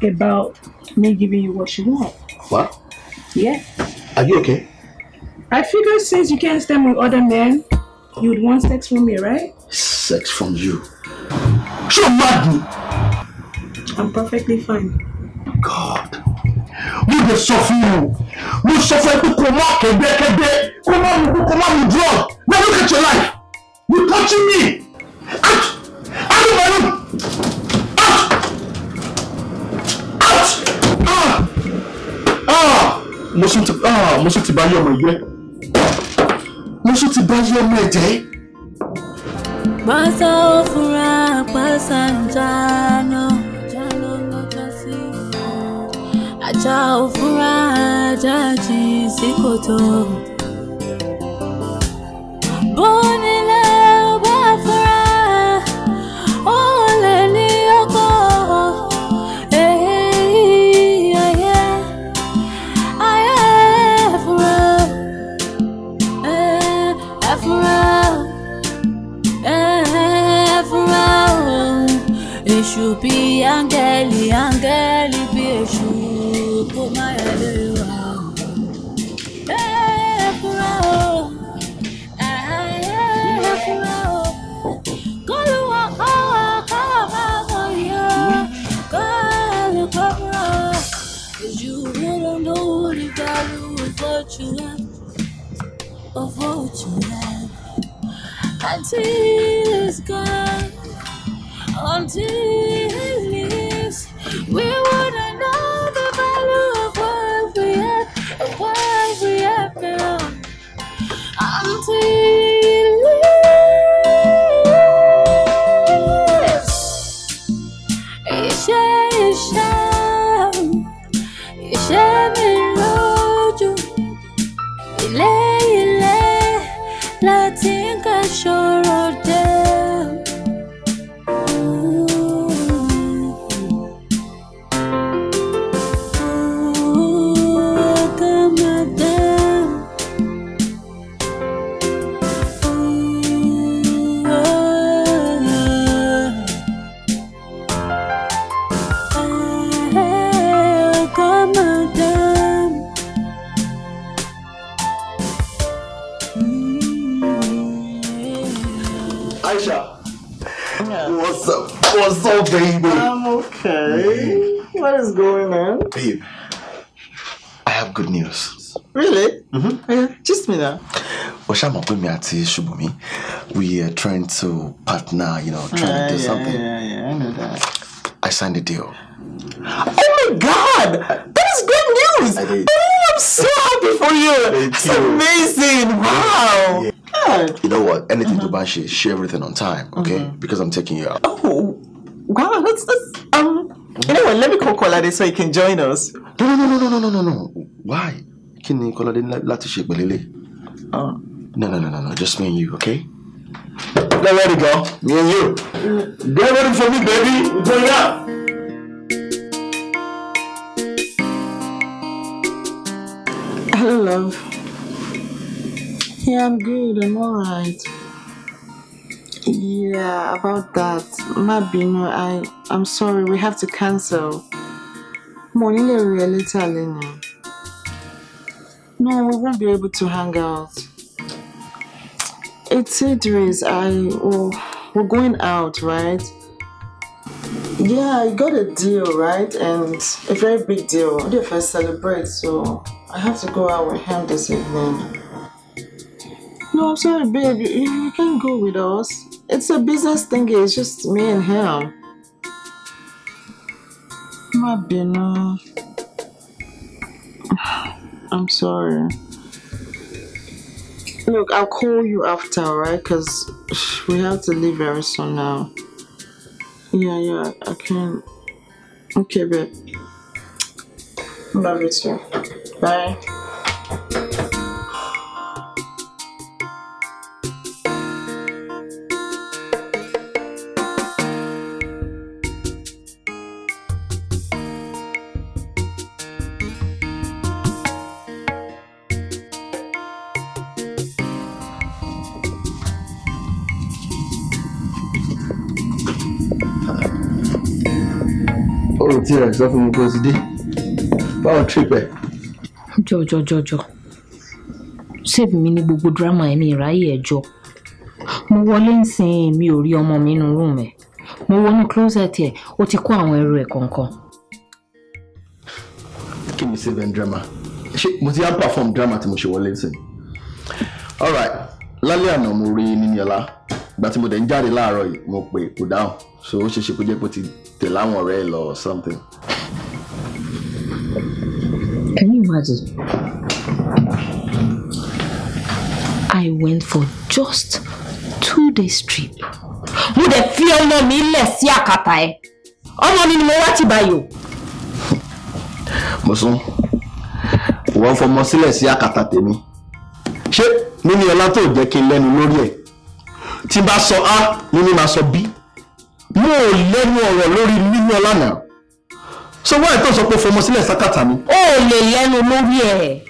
about me giving you what you want. What? Yeah. Are you okay? I figured since you can't stand with other men, you'd want sex from me, right? sex from you. You're mad me. I'm perfectly fine. God. we lè sọ fún yín o. Mo sọ fún ẹ pé kò má kẹ́gbẹ́kẹ́gbẹ́. Kò má mu kò má mu Now look at your life. You touching me. Out! Out of my room! Out! Out! Ah! Ah! Mo sún ti ah! Mo sún ti buy your money? ìgbẹ́. Mo sún ti bá yé ọmọ ẹ̀jẹ̀ pàṣẹ òfurá pàṣẹ ìjánu ajá òfurá ajá jìn sí kòtò. bọ́ọ̀nù. what you love, of what you have, until it's gone, until it leaves. We would yeah. Oshama àti Shubumi, we are trying to partner, you know, trying yeah, to do yeah, something. Yeah, yeah, I know that. I signed a deal. Oh my God! That is good news! I Oh, I'm so happy for you! It's amazing! Wow! Yeah. You know what? Anything uh-huh. to buy, share, she everything on time, okay? Uh-huh. Because I'm taking you out. Oh, wow! what's this? um. You know what? Let me call Kolade so he can join us. No, no, no, no, no, no, no, no. Why? Kí ni Kolade láti ṣe no, no, no, no, no. Just me and you, okay? Now let it go. Me and you. Get ready for me, baby. Bring up. Hello, love. Yeah, I'm good. I'm alright. Yeah, about that. Mabino, I, I'm sorry. We have to cancel. Morning, later, later. No, we won't be able to hang out. It's Idris. I oh, we're going out, right? Yeah, I got a deal, right? And a very big deal. Only if I celebrate, so I have to go out with him this evening. No, I'm sorry, babe. You, you can't go with us. It's a business thing. It's just me and him. My dinner. I'm sorry. Look, I'll call you after, right? Because we have to leave very soon now. Yeah, yeah, I can. Okay, babe. Love you too. Bye. T-Rex sọ fún mi kó o ti dé báwo trip ẹ. jọjọjọjọ save mi ní gbogbo drama ẹni ìráyè ẹjọ́ mo wọlé ń sin mi ò rí ọmọ mi nínú rúùmù ẹ mo wọnú closet ẹ o ti kó àwọn ẹrù ẹ kọ̀ọ̀kan. kí ni seven drama ṣé mo ti á perform drama tí mo ṣe wọlé ń all right lálẹ́ àná mo rí níní ọlá ìgbà tí mo dẹ̀ ń jáde láàárọ̀ yìí mo pè kò dáhùn so ó ṣeéṣe kó jẹ́ pé ti tẹ̀ láwọn ọ̀rẹ́ lọ or something. Can you imagine? I went for just two days trip. Mo dẹ̀ fi ọmọ mi lẹ̀ sí àkàtà ẹ̀. Ọmọ mi ni mo wá ti báyò. Mo sún. Wọ́n fọmọ sílẹ̀ sí àkàtà tèmi. Ṣé mímí ọlá tó jẹ́ kí n lẹ́nu lórí ẹ̀? tí n bá sọ a mo ní máa sọ b mo ò lẹ́nu ọ̀rọ̀ lórí nínú ọ̀lànà so wáyé tó sọ pé fọmọ sílẹ̀ sákàtà mi. o ò lè lẹ́nu lórí ẹ̀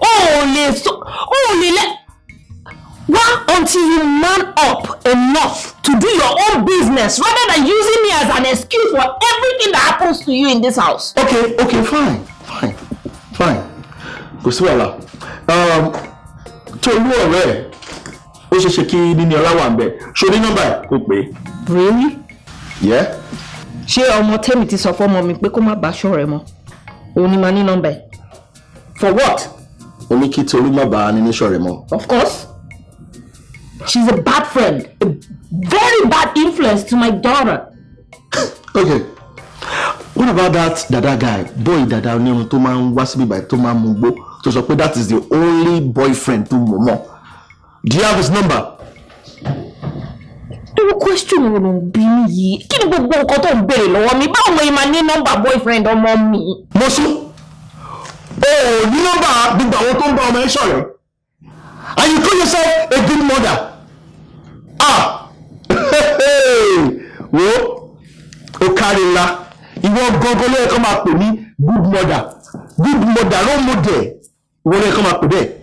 o ò lè sọ o ò lè lẹ́ wá until you man up enough to do your own business rather than using me as an excuse for everything that happens to you in this house. okay okay fine fine fine kò sí wàhálà um, tolú ọ̀rẹ́ ẹ̀ ó ṣeé ṣe kí níní ọlá wà ń bẹ̀ ṣo ní nọ́mbà ẹ̀ kò pé. really. yẹ. ṣé ọmọ tèmi ti sọ fọmọ mi pé kó má bàa ṣọ̀rẹ́ mọ́ òun ni màá ní nọ́mbà ẹ̀. for what. omi kí Tolú má bàa níní ṣọ̀rẹ́ mọ́. of course she's a bad friend a very bad influence to my daughter. okay what about that dada guy boy dada onírun tó máa ń wá síbí báyìí tó máa ń mugbó tó sọ pé that is the only boyfriend tó mọ̀ mọ́. Do you have his number? irú question wo ló ń bí you yìí go go to bail or ń béèrè my mi báwo ni boyfriend or mommy? mo sún o ò ní nọ́mbà gbogbo àwọn tó ń bá ọmọ and you call yourself a good mother ah hey, wo o kárí you ìwọ go go yẹ come up pè me, good mother good mother role mother, you ló come up máa pè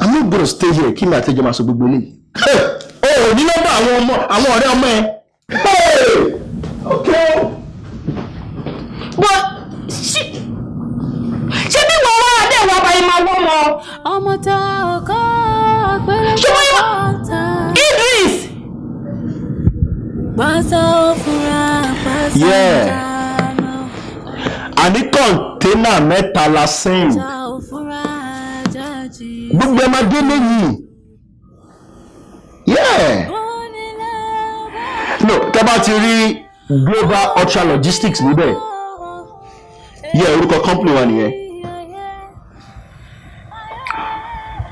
I'm not gonna stay here kí mi àtẹ́jọ́ máa sọ gbogbo eléyìí. o ò ní nọ́mbà àwọn more. àwọn ọ̀rẹ́ ọmọ ẹ. bọ́ ṣé bí wọ́n wá adé ìwà abayé máa wọ́ mọ́. ọmọ tá a kọ́ pẹ́lẹ́ pọ́ a. Idris. pàṣẹ òfurà pàṣẹ ìdáná. àní kọ́ńténà mẹ́ta la sẹ́yìn gbogbo ọmọdé lẹ́yìn yeah no tẹ́ bá ti rí global ultra logistics níbẹ̀ yẹ orúkọ company wa nìyẹn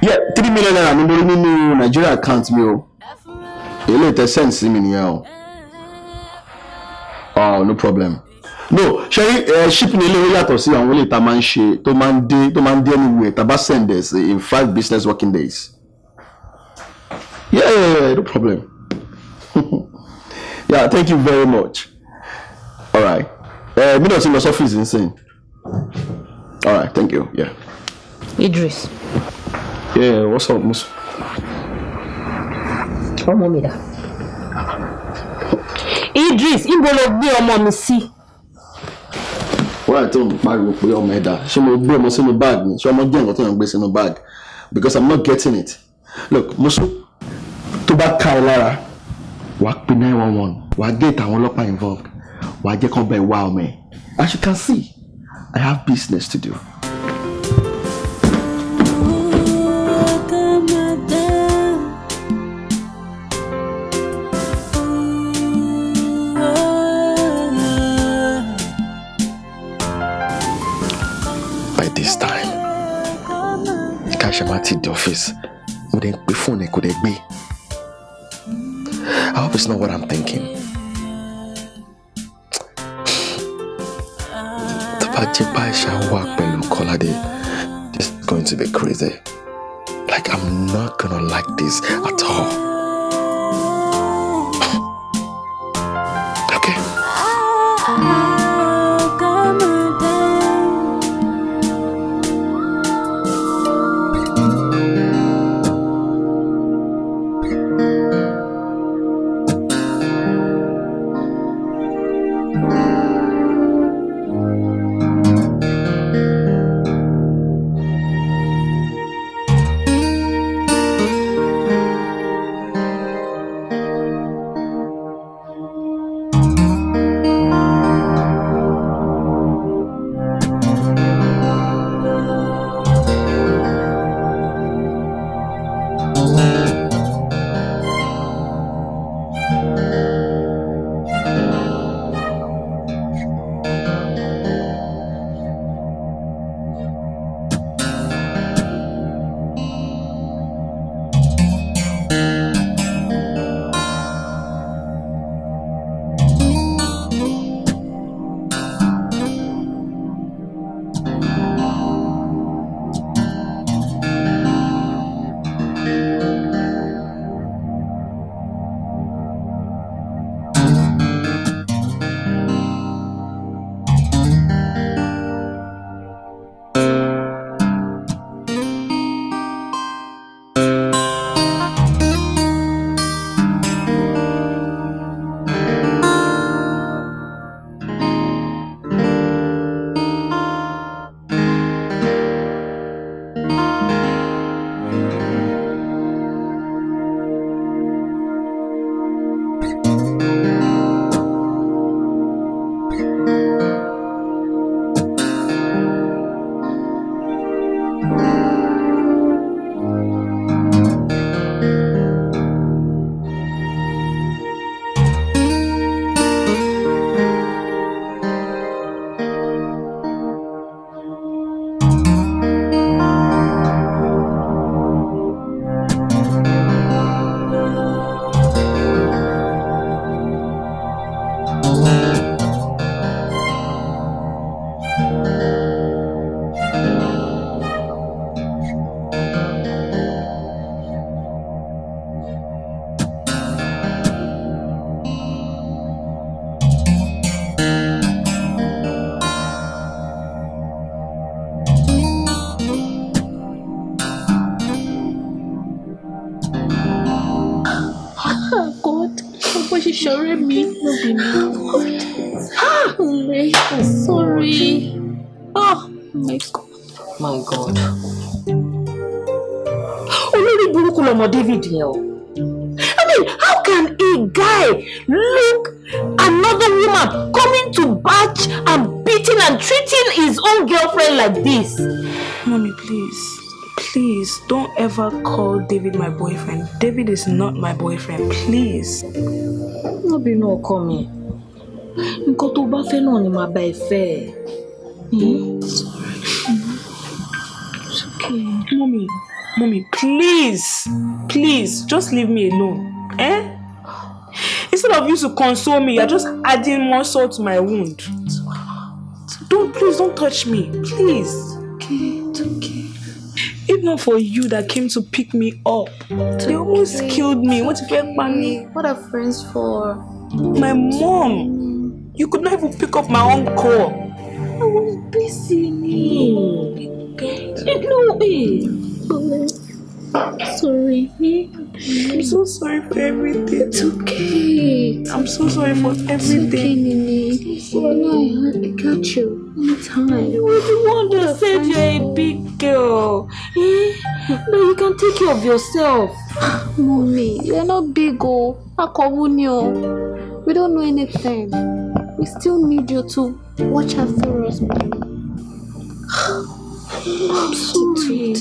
yẹ three million naira ni mo rí nínú Nigeria account mi o èyí lè tẹ send sí mi nìyẹn o oh no problem no ṣe rí ẹ ṣípìn ilé ó yàtọ̀ sí àwọn ilé ìta máa ń ṣe tó máa ń dé tó máa ń dé anywhere tàbá send us eh, in five business working days yeah, yeah, yeah no problem yeah thank you very much all right ẹ eh, mi náà ti lọ sọ́fíìsì nsìn all right thank you yeah. Idris. Yeah, what's up, Musa? ọmọ mi dà Idris ibo ló gbé ọmọ mi sí. Si wọ́n àti òun pariwo pé ọmọ ẹ̀dá ṣé mo gbé ọmọ sínú bag mi ṣé ọmọ jẹ́ nǹkan tó yàn gbé sínú bag because i'm not getting it look musu tó bá ká ẹ lára wàá pe nine one one wàá gate àwọn ọlọ́pàá involved wàá jẹ́ kán bẹ́ẹ̀ wá ọmọ ẹ̀ as you can see i have business to do. wá ti di ọ́fíìsì mo dẹ̀ ń pè fóònù ẹ̀ kò dẹ̀ gbé I hope it's not what I'm thinking. tó bá jẹ́ bá ìṣá wà pẹ̀lú Kọ́ládé this is going to be crazy like I'm not gonna like this at all. Oh my god. My god. Olórí burúkú lọmọ David yẹn mean, how can a guy look another woman coming to batch and beating and treating his own girlfriend like this? Mommy, please. Please don't ever call David my boyfriend. David is not my boyfriend. Please. nobody will no call me nǹkan tó bá fẹ́ náà ni màá bá ẹ fẹ́ hmm? okay, Mommy, mommy, please, please, just leave me alone. Eh? Instead of you to console me, you're just adding more salt to my wound. Don't, please, don't touch me. Please. Okay, it's okay. If not for you that came to pick me up, they almost killed me. What if me? What are friends for? My mom. You could not even pick up my own call. I was busy. Hey. You know, hey. Sorry. I'm so sorry for everything. It's okay. I'm so sorry for everything. It's okay, Nini. So I had catch you anytime. You were the one that said you're a big girl. Eh? you can take care of yourself. Mommy, you're not big, oh. you. We don't know anything. We still need you to watch our us, baby. I'm sorry.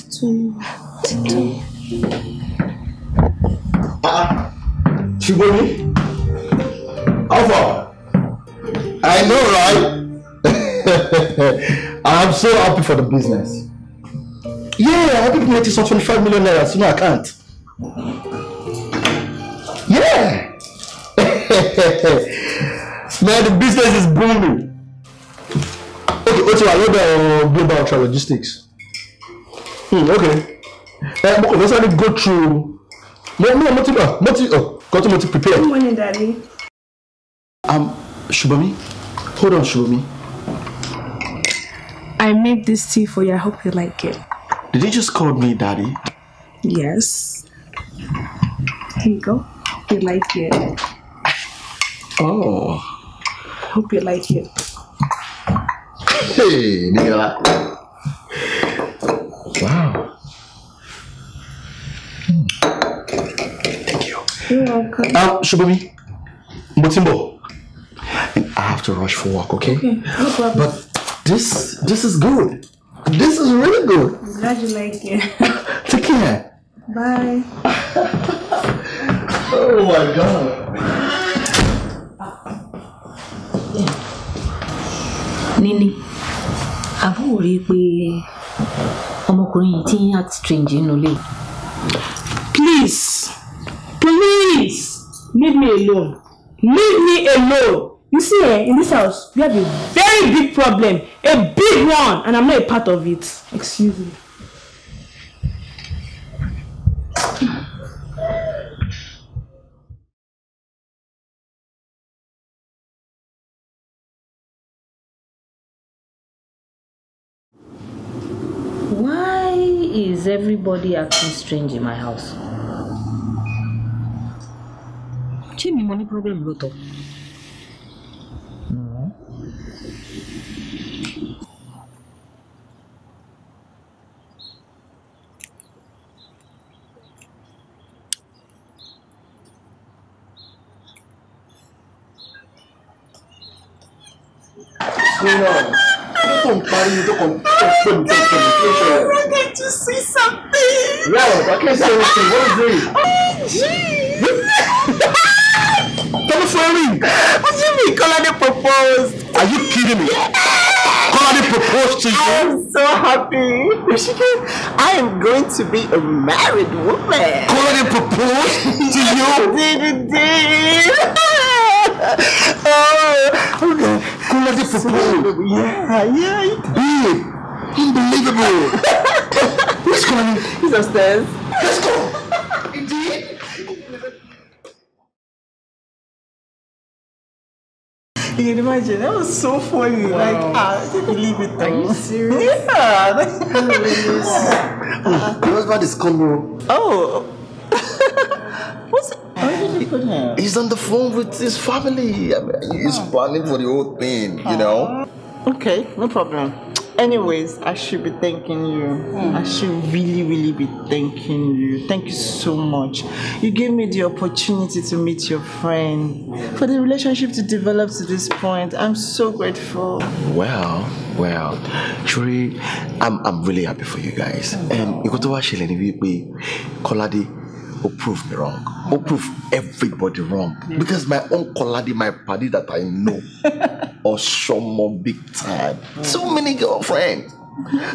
Ah, Shiboni? Alpha! I know, right? I'm so happy for the business. Yeah, I've been making some 25 million naira, You know, I can't. Yeah! Man, the business is booming. Okay, ó ti wà lọ́dọ̀ global ultra logistics. Hmm, okay. Ẹ eh, mo let's only go through. Mo I'm not even. Not even. ọ̀ kọ́ tí mo prepare. Good morning, daddy. Um, Shubami. hold on, Shubami. I made this tea for you. I hope you like it. Did you just call me daddy? Yes. Here you go. You like it. Oh. Hope you like it. Hey, nigga. Wow. Hmm. Thank you. You're welcome. Um, ah, Shubami, Mutimbo, I have to rush for work, okay? Okay, no problem. But this, this is good. This is really good. I'm glad you like it. Take care. Bye. oh my god. níní àbúrò rí i pé ọmọkùnrin yìí ti ń act strange nínú ilé. please please leave me alone leave me alone you see eh in this house we have a very big problem a big one and i'm not a part of it excuse me. everybody acting strange in my house. ṣé mi mo problem lóòótọ́. Good don't marry you, don't confirm, i wanted to see something. Well, I can't say anything. What is it? Oh, jeez. me. What do you mean, Colony proposed? Are you kidding me? Colony proposed to you? I'm so happy. I am going to be a married woman. Colony proposed to you? Did Oh, cooler discipline. Yeah, yeah. Big. Unbelievable. Who's coming? He's upstairs. Let's go. imagine that was so funny. Wow. Like, I can't believe it. Though. Are you serious? Yeah. What about this combo? Oh. with him? He's on the phone with his family. I mean, he's planning for the whole thing, you know? Okay, no problem. Anyways, I should be thanking you. Mm. I should really, really be thanking you. Thank you so much. You gave me the opportunity to meet your friend, for the relationship to develop to this point. I'm so grateful. Well, well, truly, I'm, I'm really happy for you guys. Hmm. And you go to watch Sheleni Kolade who proved me wrong, who proved everybody wrong. Yeah. Because my own colladi, my party that I know, or someone big time. too So many girlfriends.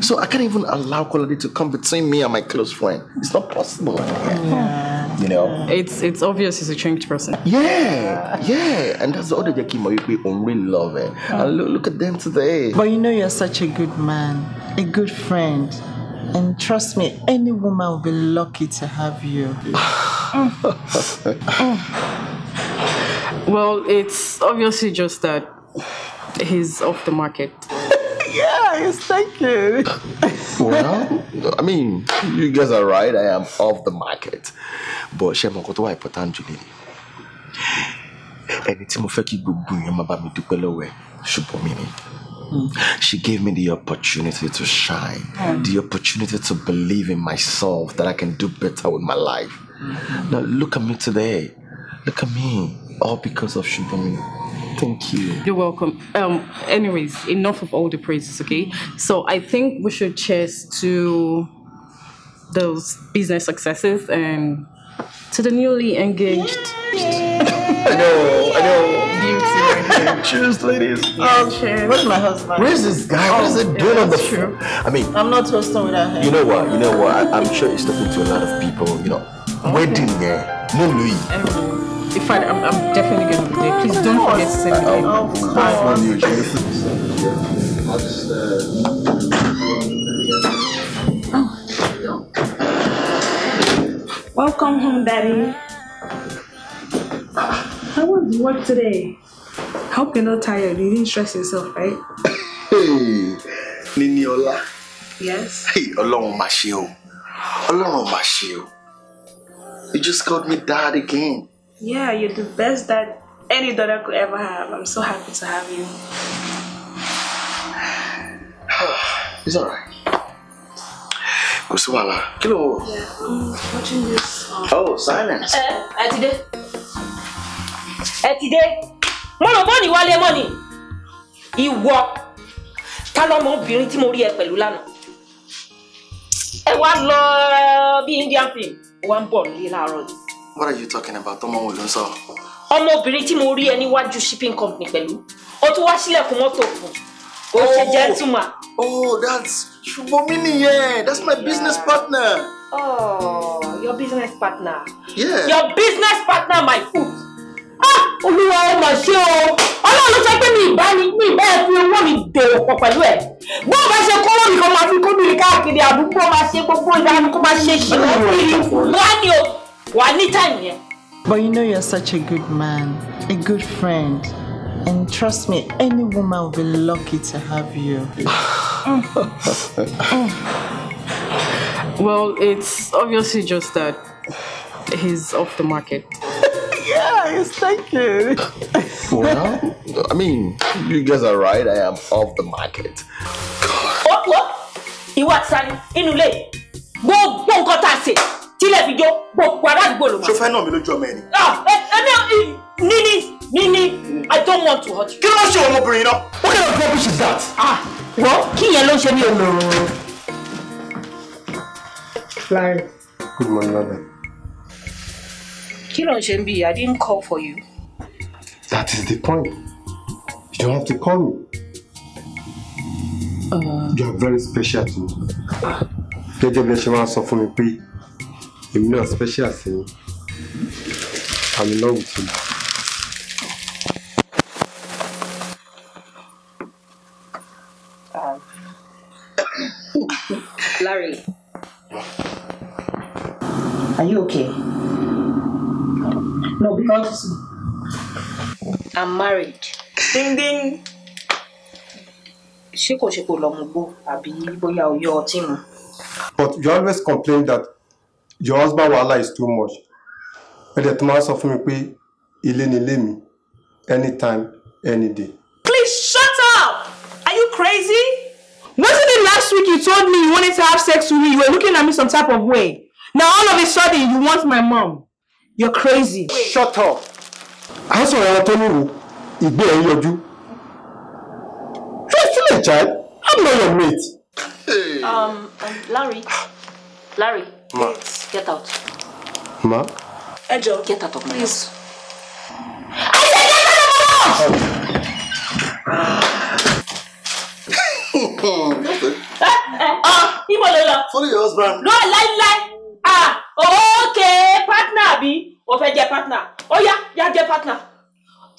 So I can't even allow colladi to come between me and my close friend. It's not possible. Yeah. You know? It's it's obvious he's a changed person. Yeah, yeah. And that's all the Jackie Moyupi only love it. And oh. look, look at them today. But you know you're such a good man, a good friend and trust me, any woman will be lucky to have you. Well, it's obviously just that he's off the market. yeah, yes, thank you. well, I mean, you guys are right. I am off the market. But Shema, what do I put on Ẹni tí mo fẹ́ kí gbogbo èèyàn máa bá mi dúpẹ́ lọ́wọ́ ẹ̀ ṣùgbọ́n mi ni. She gave me the opportunity to shine, mm. the opportunity to believe in myself that I can do better with my life. Mm-hmm. Now, look at me today. Look at me. All because of Shubami. Thank you. You're welcome. Um, anyways, enough of all the praises, okay? So I think we should cheers to those business successes and to the newly engaged. I know, I know. Beauty. cheers, ladies. Oh, cheers. Where's my husband? Where's this guy? what is it doing on the true. I mean, I'm not toasting without him. You know what? You know what? I, am sure he's talking to a lot of people. You know, okay. wedding there. No Louis. Um, in fact, I'm, I'm definitely going to be there. Please don't forget to send me. Uh, oh, come on. Oh. Welcome home, Daddy. How was work today. hope you're not tired. You didn't stress yourself, right? hey, Niniola. Yes. Hey, along, mà ṣe o. You just called me dad again. Yeah, you're the best dad any daughter could ever have. I'm so happy to have you. it's alright. Kusumala, kilo. Yeah, I'm watching this. Um, oh, silence. Uh, eh, I did it. ẹ ti dé mo rò bọ́ọ̀nì wálé mọ́ ni ìwọ ta lọmọ obìnrin tí mo rí ẹ pẹ̀lú lánàá ẹ wá lọ eh, bí indian film wá ń bọ̀ nílé láàárọ̀ yìí. what are you talking about ọmọ wo ló ń sọ. ọmọbìnrin tí mo rí ẹ níwájú shipping company pẹ̀lú o tún wá sílẹ̀kùn mọ́tò fún o ṣe oh. gentleman. oh that's ṣùgbọ́n mi nìyẹn that's my yeah. business partner. oh your business partner. yeah your business partner my food. Ah, olúwa ó mà ṣe o ọlọ́run ló sọ pé mi ìbá ni mi ìbá ẹ fi owó mi dèrò pọ̀ pẹ̀lú ẹ̀ bó o bá ṣe kó lórí kan máa fi kó lórí káàkiri àdúgbò máa ṣe gbogbo ìdáni kó máa ṣe ìṣẹ̀lẹ̀ kiri wá ní o wà ní táyì yẹn. But you know you're such a good man, a good friend, and trust me, any woman will be lucky to have you. Well, it's obviously just that he's off the market. Yes, thank you. well, I mean, you guys are right. I am off the market. God. What? What? Ìwọ àtisani inú ilé gbogbo nǹkan tá a ṣe tílẹ̀ fi jó gbogbo aládùúgbò ló máa. Ṣofẹ́ náà mi lójú ọmọ ẹni. Ah, ẹni níní níní I don't want to hurt you. Kí ló ń ṣe ọmọbìnrin What kind of rubbish is that? Ah, kí yẹn ló ń ṣe ní olóró. Fly. Good morning, mother kí ló ń I didn't call for you. That is the point. You don't have to call me. Uh, you are very special to me. Gẹ́gẹ́ bí ẹ ṣe máa sọ fún mi pé èmi special sí mi. I'm in love with you. Larry. Are you okay? No, because I'm married. Ding ding. Ṣé kò ṣe abi boya mú gbó But you always complain that your husband wahala is too much. Ẹ̀dẹ̀ tó máa ń sọ fún mi pé ilé ni ilé mi anytime any day. Please shut up! Are you crazy? Wasn't it last week you told me you wanted to have sex with me? You were looking at me some type of way. Now all of a sudden you want my mom. You're crazy. Shut up. I saw sọ̀rọ̀ ẹran Who? nínú ìgbé ẹ̀ ń yọjú. Ṣé still a child? I'm not your mate. Hey. Um, um, Larry. Larry. Ma. Get out. Ma. Angel, Get out of my house. I said get out of my house! Ibo ló lọ. Follow your husband. No, láíláí. Ah! okay partner àbí o fẹ́ jẹ́ partner ó yá yá jẹ́ partner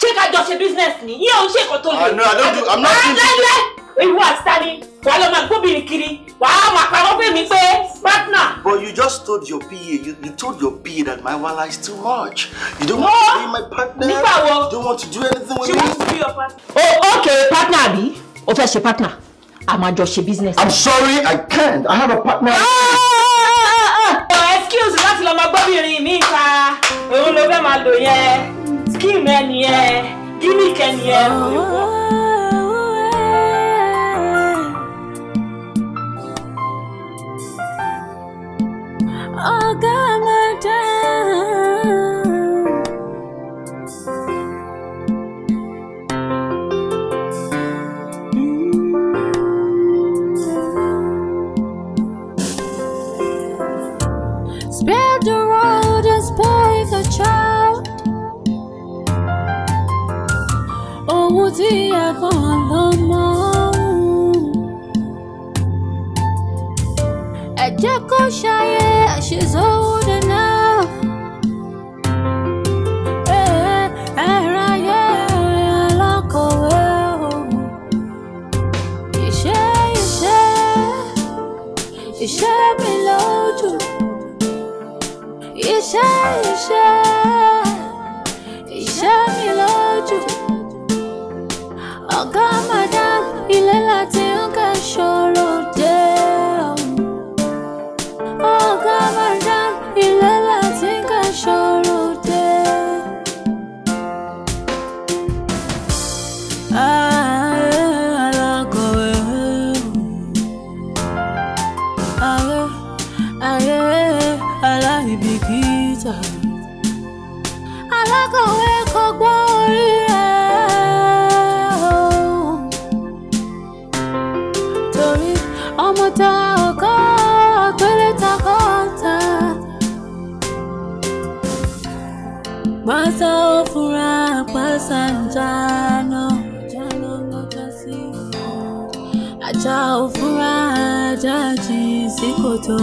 ṣé ká jọ ṣe business ni yíyá òun ṣe nǹkan tó lè. Ah, no i don't do i'm not ah, doing this. ìwọ àti sani wà á lọ máa gbóbìnrin kiri wà á máa parọ́ pé mi pé partner. but you just told your PA you, you told your PA that my wala is too much you don't no. want to be my partner nípa wo you don't want to do anything with she me. she wants to be your partner. oh okay partner àbí o fẹ́ ṣe partner a máa jọ ṣe business. i'm sorry i can't i have a partner. Ah! láti lọ máa gbóbìnrin mi ta òun ló fẹ́ máa lò yẹn skim ẹ nìyẹn gimmick ẹ nìyẹn kò ní follow now. ẹ jẹ́ kó ṣayé she's old enough. ẹ̀rọ ayé alákọ̀wé o. ìṣe ìṣe ìṣe mi lójú. ìṣe ìṣe. 依来。dáná ajá ló lọ́jọ́ sí ajá ò ajá jìn sí kòtò.